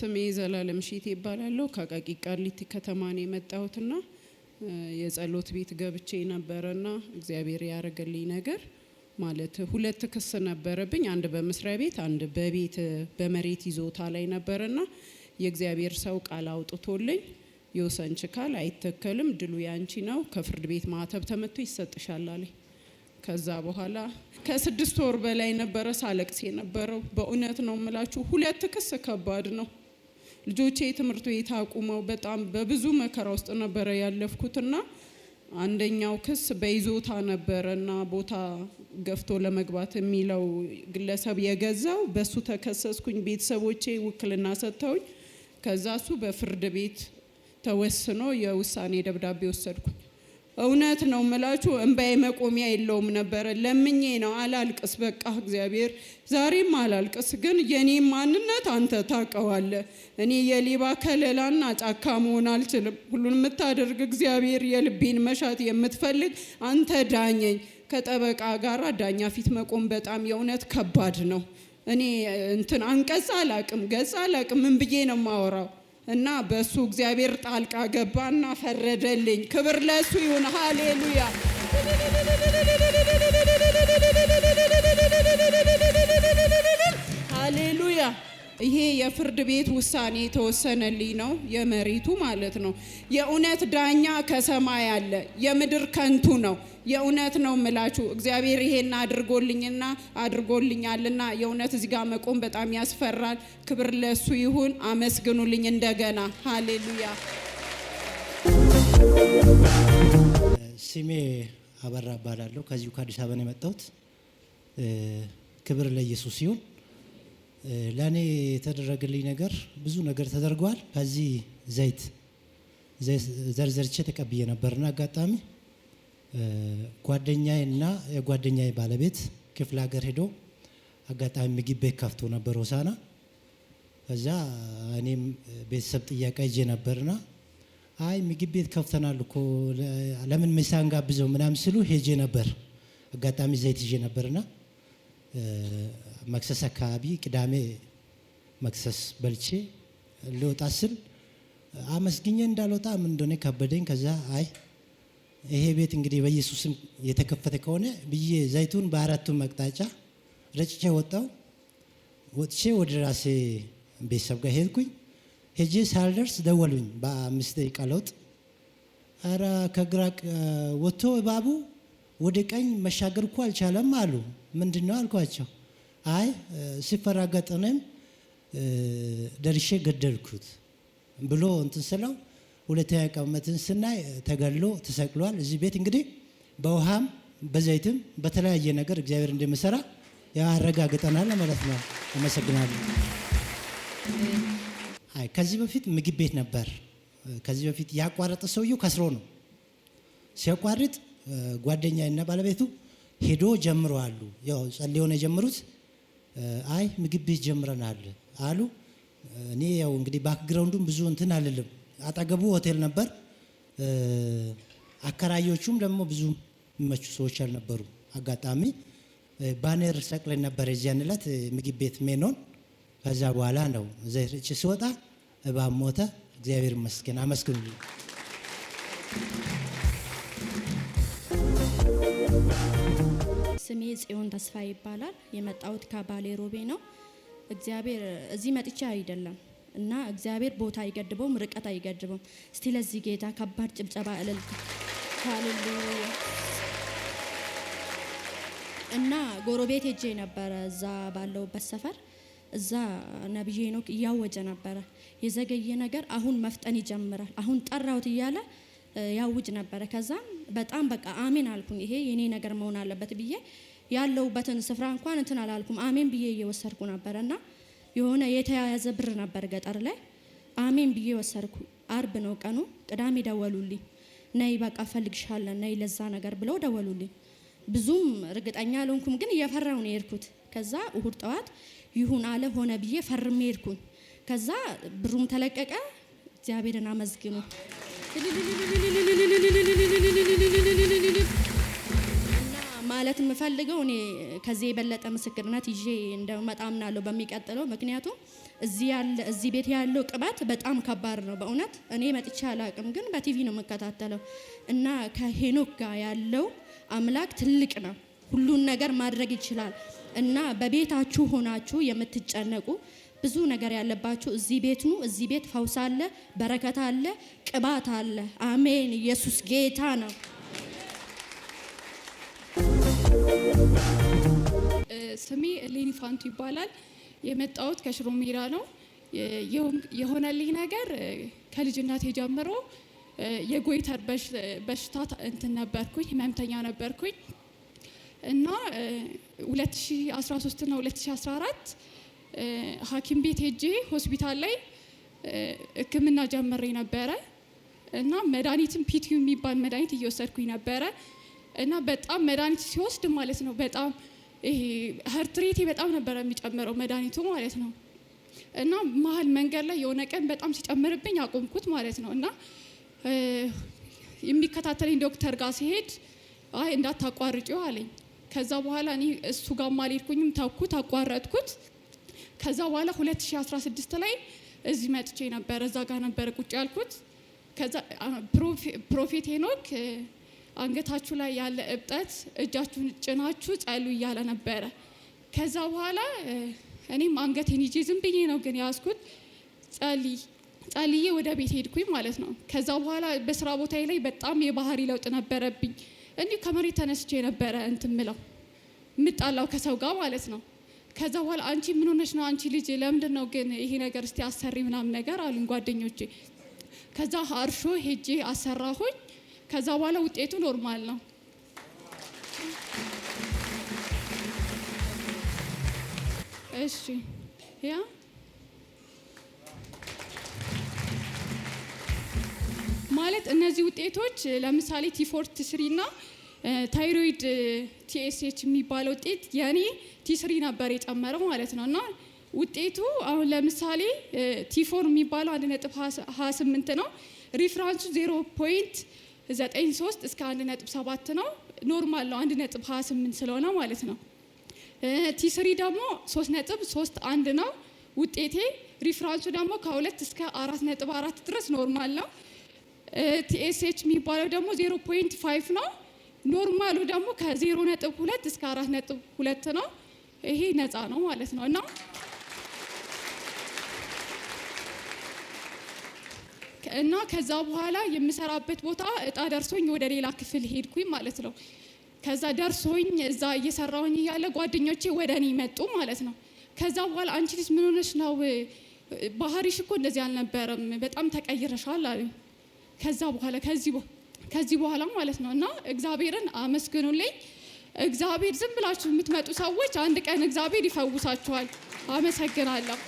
ስሜ ዘላለም ሺቴ ይባላለሁ። ከአቃቂ ቃሊቲ ከተማ ነው የመጣሁትና የጸሎት ቤት ገብቼ ነበረና እግዚአብሔር ያደረገልኝ ነገር ማለት ሁለት ክስ ነበረብኝ። አንድ በመስሪያ ቤት፣ አንድ በቤት በመሬት ይዞታ ላይ ነበረና የእግዚአብሔር ሰው ቃል አውጥቶልኝ የወሰንች ካል አይተከልም፣ ድሉ ያንቺ ነው፣ ከፍርድ ቤት ማዕተብ ተመቶ ይሰጥሻል አለኝ። ከዛ በኋላ ከስድስት ወር በላይ ነበረ ሳለቅስ የነበረው። በእውነት ነው የምላችሁ፣ ሁለት ክስ ከባድ ነው። ልጆቼ ትምህርት ቤት አቁመው በጣም በብዙ መከራ ውስጥ ነበረ ያለፍኩትና አንደኛው ክስ በይዞታ ነበረ እና ቦታ ገፍቶ ለመግባት የሚለው ግለሰብ የገዛው በሱ ተከሰስኩኝ። ቤተሰቦቼ ውክልና ሰጥተውኝ ከዛ እሱ በፍርድ ቤት ተወስኖ የውሳኔ ደብዳቤ ወሰድኩ። እውነት ነው ምላችሁ እንባዬ መቆሚያ የለውም ነበረ። ለምኜ ነው አላልቅስ በቃ እግዚአብሔር ዛሬም አላልቅስ፣ ግን የኔ ማንነት አንተ ታውቀዋለህ። እኔ የሌባ ከለላና ጫካ መሆን አልችልም። ሁሉን የምታደርግ እግዚአብሔር፣ የልቤን መሻት የምትፈልግ አንተ ዳኘኝ። ከጠበቃ ጋር ዳኛ ፊት መቆም በጣም የእውነት ከባድ ነው። እኔ እንትን አንቀጽ አላቅም ገጽ አላቅም ምን ብዬ ነው የማወራው? እና በእሱ እግዚአብሔር ጣልቃ ገባና ፈረደልኝ። ክብር ለእሱ ይሁን። ሃሌሉያ። ሃሌሉያ ይሄ የፍርድ ቤት ውሳኔ የተወሰነልኝ ነው፣ የመሬቱ ማለት ነው። የእውነት ዳኛ ከሰማይ አለ፣ የምድር ከንቱ ነው። የእውነት ነው ምላችሁ እግዚአብሔር ይሄን አድርጎልኝና አድርጎልኛልና የእውነት እዚህ ጋር መቆም በጣም ያስፈራል። ክብር ለሱ ይሁን። አመስግኑልኝ እንደገና ሃሌሉያ። ስሜ አበራ እባላለሁ። ከዚሁ ከአዲስ አበባ ነው የመጣሁት። ክብር ለኢየሱስ ይሁን። ለእኔ የተደረገልኝ ነገር ብዙ ነገር ተደርጓል። ከዚህ ዘይት ዘርዘርቼ ተቀብዬ ነበርና አጋጣሚ ጓደኛዬና የጓደኛዬ ባለቤት ክፍለ ሀገር ሄዶ አጋጣሚ ምግብ ቤት ከፍቶ ነበር ሆሳና። ከዛ እኔም ቤተሰብ ጥያቄ ይዤ ነበርና አይ ምግብ ቤት ከፍተናል እኮ ለምን ምሳ እንጋብዘው ምናምን ስሉ ሄጄ ነበር። አጋጣሚ ዘይት ይዤ ነበርና መክሰስ አካባቢ ቅዳሜ መክሰስ በልቼ ልወጣ ስል አመስግኘ እንዳልወጣ ምን እንደሆነ ከበደኝ። ከዛ አይ ይሄ ቤት እንግዲህ በኢየሱስም የተከፈተ ከሆነ ብዬ ዘይቱን በአራቱን መቅጣጫ ረጭቼ ወጣው። ወጥቼ ወደ ራሴ ቤተሰብ ጋር ሄድኩኝ። ሄጄ ሳልደርስ ደወሉኝ። በአምስት ደቂቃ ለውጥ ኧረ ከግራ ወጥቶ እባቡ ወደ ቀኝ መሻገር እኮ አልቻለም አሉ። ምንድን ነው አልኳቸው። አይ ሲፈራገጥ እኔም ደርሼ ገደልኩት ብሎ እንትን ስለው ሁለተኛ ቀመትን ስናይ ተገሎ ተሰቅሏል። እዚህ ቤት እንግዲህ በውሃም በዘይትም በተለያየ ነገር እግዚአብሔር እንደሚሰራ ያረጋግጠናል ማለት ነው። አመሰግናለሁ። አይ ከዚህ በፊት ምግብ ቤት ነበር። ከዚህ በፊት ያቋረጠ ሰውየው ከስሮ ነው ሲያቋርጥ ጓደኛ እና ባለቤቱ ሄዶ ጀምረዋሉ። ያው ጸልየው ነው የጀመሩት። አይ ምግብ ቤት ጀምረናል አሉ። እኔ ያው እንግዲህ ባክግራውንዱም ብዙ እንትን አልልም። አጠገቡ ሆቴል ነበር። አከራዮቹም ደግሞ ብዙ የሚመቹ ሰዎች አልነበሩ። አጋጣሚ ባነር ሰቅለን ነበር የዚያን ዕለት ምግብ ቤት ሜኖን። ከዛ በኋላ ነው ዘይርጭ ሲወጣ እባብ ሞተ። እግዚአብሔር ይመስገን። አመስግኑ። ስሜ ጽዮን ተስፋ ይባላል። የመጣሁት ከባሌ ሮቤ ነው። እግዚአብሔር እዚህ መጥቼ አይደለም እና እግዚአብሔር ቦታ አይገድበውም፣ ርቀት አይገድበውም። እስቲ ለዚህ ጌታ ከባድ ጭብጨባ እልልት ሃሌሉያ። እና ጎረቤት ሄጄ ነበረ እዛ ባለውበት ሰፈር እዛ ነብዬ ሄኖክ እያወጀ ነበረ። የዘገየ ነገር አሁን መፍጠን ይጀምራል፣ አሁን ጠራውት እያለ ያውጅ ነበረ። ከዛም በጣም በቃ አሜን አልኩኝ። ይሄ የኔ ነገር መሆን አለበት ብዬ ያለውበትን ስፍራ እንኳን እንትን አላልኩም። አሜን ብዬ እየወሰድኩ ነበረ እና የሆነ የተያያዘ ብር ነበር ገጠር ላይ አሜን ብዬ ወሰድኩ። አርብ ነው ቀኑ። ቅዳሜ ደወሉልኝ፣ ነይ በቃ ፈልግሻለን፣ ነይ ለዛ ነገር ብለው ደወሉልኝ። ብዙም እርግጠኛ አልሆንኩም፣ ግን እየፈራሁ ነው የሄድኩት። ከዛ እሁድ ጠዋት ይሁን አለ ሆነ ብዬ ፈርሜ ሄድኩኝ። ከዛ ብሩም ተለቀቀ። እግዚአብሔርን አመስግኑ። ማለት የምፈልገው እኔ ከዚህ የበለጠ ምስክርነት ይዤ እንደመጣ አምናለሁ በሚቀጥለው። ምክንያቱም እዚህ እዚህ ቤት ያለው ቅባት በጣም ከባድ ነው በእውነት እኔ መጥቼ አላቅም፣ ግን በቲቪ ነው የምከታተለው እና ከሄኖክ ጋር ያለው አምላክ ትልቅ ነው፣ ሁሉን ነገር ማድረግ ይችላል እና በቤታችሁ ሆናችሁ የምትጨነቁ ብዙ ነገር ያለባችሁ እዚህ ቤት ኑ። እዚህ ቤት ፈውስ አለ፣ በረከት አለ፣ ቅባት አለ። አሜን። ኢየሱስ ጌታ ነው። ስሜ ሌኒ ፋንቱ ይባላል። የመጣሁት ከሽሮ ሜዳ ነው። የሆነልኝ ነገር ከልጅነት ጀምሮ የጎይተር በሽታ እንትን ነበርኩኝ፣ ህመምተኛ ነበርኩኝ እና 2013 እና 2014 ሐኪም ቤት ሄጄ ሆስፒታል ላይ ሕክምና ጀምሬ ነበረ እና መድኃኒትም ፒቲዩ የሚባል መድኃኒት እየወሰድኩኝ ነበረ እና በጣም መድኃኒት ሲወስድ ማለት ነው በጣም ይሄ ሀርትሬቴ በጣም ነበረ የሚጨምረው መድኃኒቱ ማለት ነው። እና መሀል መንገድ ላይ የሆነ ቀን በጣም ሲጨምርብኝ አቆምኩት ማለት ነው። እና የሚከታተለኝ ዶክተር ጋር ሲሄድ አይ እንዳታቋርጪው አለኝ። ከዛ በኋላ እኔ እሱ ጋር አልሄድኩኝም፣ ተውኩት፣ አቋረጥኩት። ከዛ በኋላ 2016 ላይ እዚህ መጥቼ ነበረ። እዛ ጋር ነበረ ቁጭ ያልኩት። ከዛ ፕሮፌት ሄኖክ አንገታችሁ ላይ ያለ እብጠት እጃችሁን ጭናችሁ ጸሉ እያለ ነበረ። ከዛ በኋላ እኔም አንገቴን ይዤ ዝም ብዬ ነው ግን ያዝኩት። ጸልይ ጸልዬ ወደ ቤት ሄድኩኝ ማለት ነው። ከዛ በኋላ በስራ ቦታዬ ላይ በጣም የባህሪ ለውጥ ነበረብኝ። እንዲሁ ከመሬት ተነስቼ ነበረ እንትን ምለው የምጣላው ከሰው ጋር ማለት ነው። ከዛ በኋላ አንቺ ምን ሆነሽ ነው አንቺ ልጅ ለምንድን ነው ግን ይሄ ነገር እስቲ አሰሪ ምናምን ነገር አሉኝ ጓደኞቼ። ከዛ አርሾ ሄጄ አሰራሁኝ። ከዛ በኋላ ውጤቱ ኖርማል ነው። እሺ ያ ማለት እነዚህ ውጤቶች ለምሳሌ ቲፎርት ስሪ እና ታይሮይድ ቲኤስኤች የሚባለው ውጤት የኔ ቲስሪ ነበር የጨመረው ማለት ነው እና ውጤቱ አሁን ለምሳሌ ቲፎር የሚባለው አንድ ነጥብ ሀያ ስምንት ነው። ሪፍራንሱ ዜሮ ፖይንት ዘጠኝ ሶስት እስከ አንድ ነጥብ ሰባት ነው። ኖርማል ነው አንድ ነጥብ ሀያ ስምንት ስለሆነ ማለት ነው። ቲስሪ ደግሞ ሶስት ነጥብ ሶስት አንድ ነው ውጤቴ። ሪፍራንሱ ደግሞ ከሁለት እስከ አራት ነጥብ አራት ድረስ ኖርማል ነው። ቲኤስኤች የሚባለው ደግሞ ዜሮ ፖይንት ፋይቭ ነው ኖርማሉ ደግሞ ከዜሮ ነጥብ ሁለት እስከ አራት ነጥብ ሁለት ነው። ይሄ ነፃ ነው ማለት ነው እና እና ከዛ በኋላ የምሰራበት ቦታ እጣ ደርሶኝ ወደ ሌላ ክፍል ሄድኩኝ ማለት ነው። ከዛ ደርሶኝ እዛ እየሰራውኝ እያለ ጓደኞቼ ወደ እኔ መጡ ማለት ነው። ከዛ በኋላ አንቺ ልጅ ምን ሆነሽ ነው? ባህሪሽ እኮ እንደዚህ አልነበረም፣ በጣም ተቀይረሻል አሉኝ። ከዛ በኋላ ከዚህ ከዚህ በኋላ ማለት ነው እና እግዚአብሔርን አመስግኑልኝ። እግዚአብሔር ዝም ብላችሁ የምትመጡ ሰዎች አንድ ቀን እግዚአብሔር ይፈውሳችኋል። አመሰግናለሁ።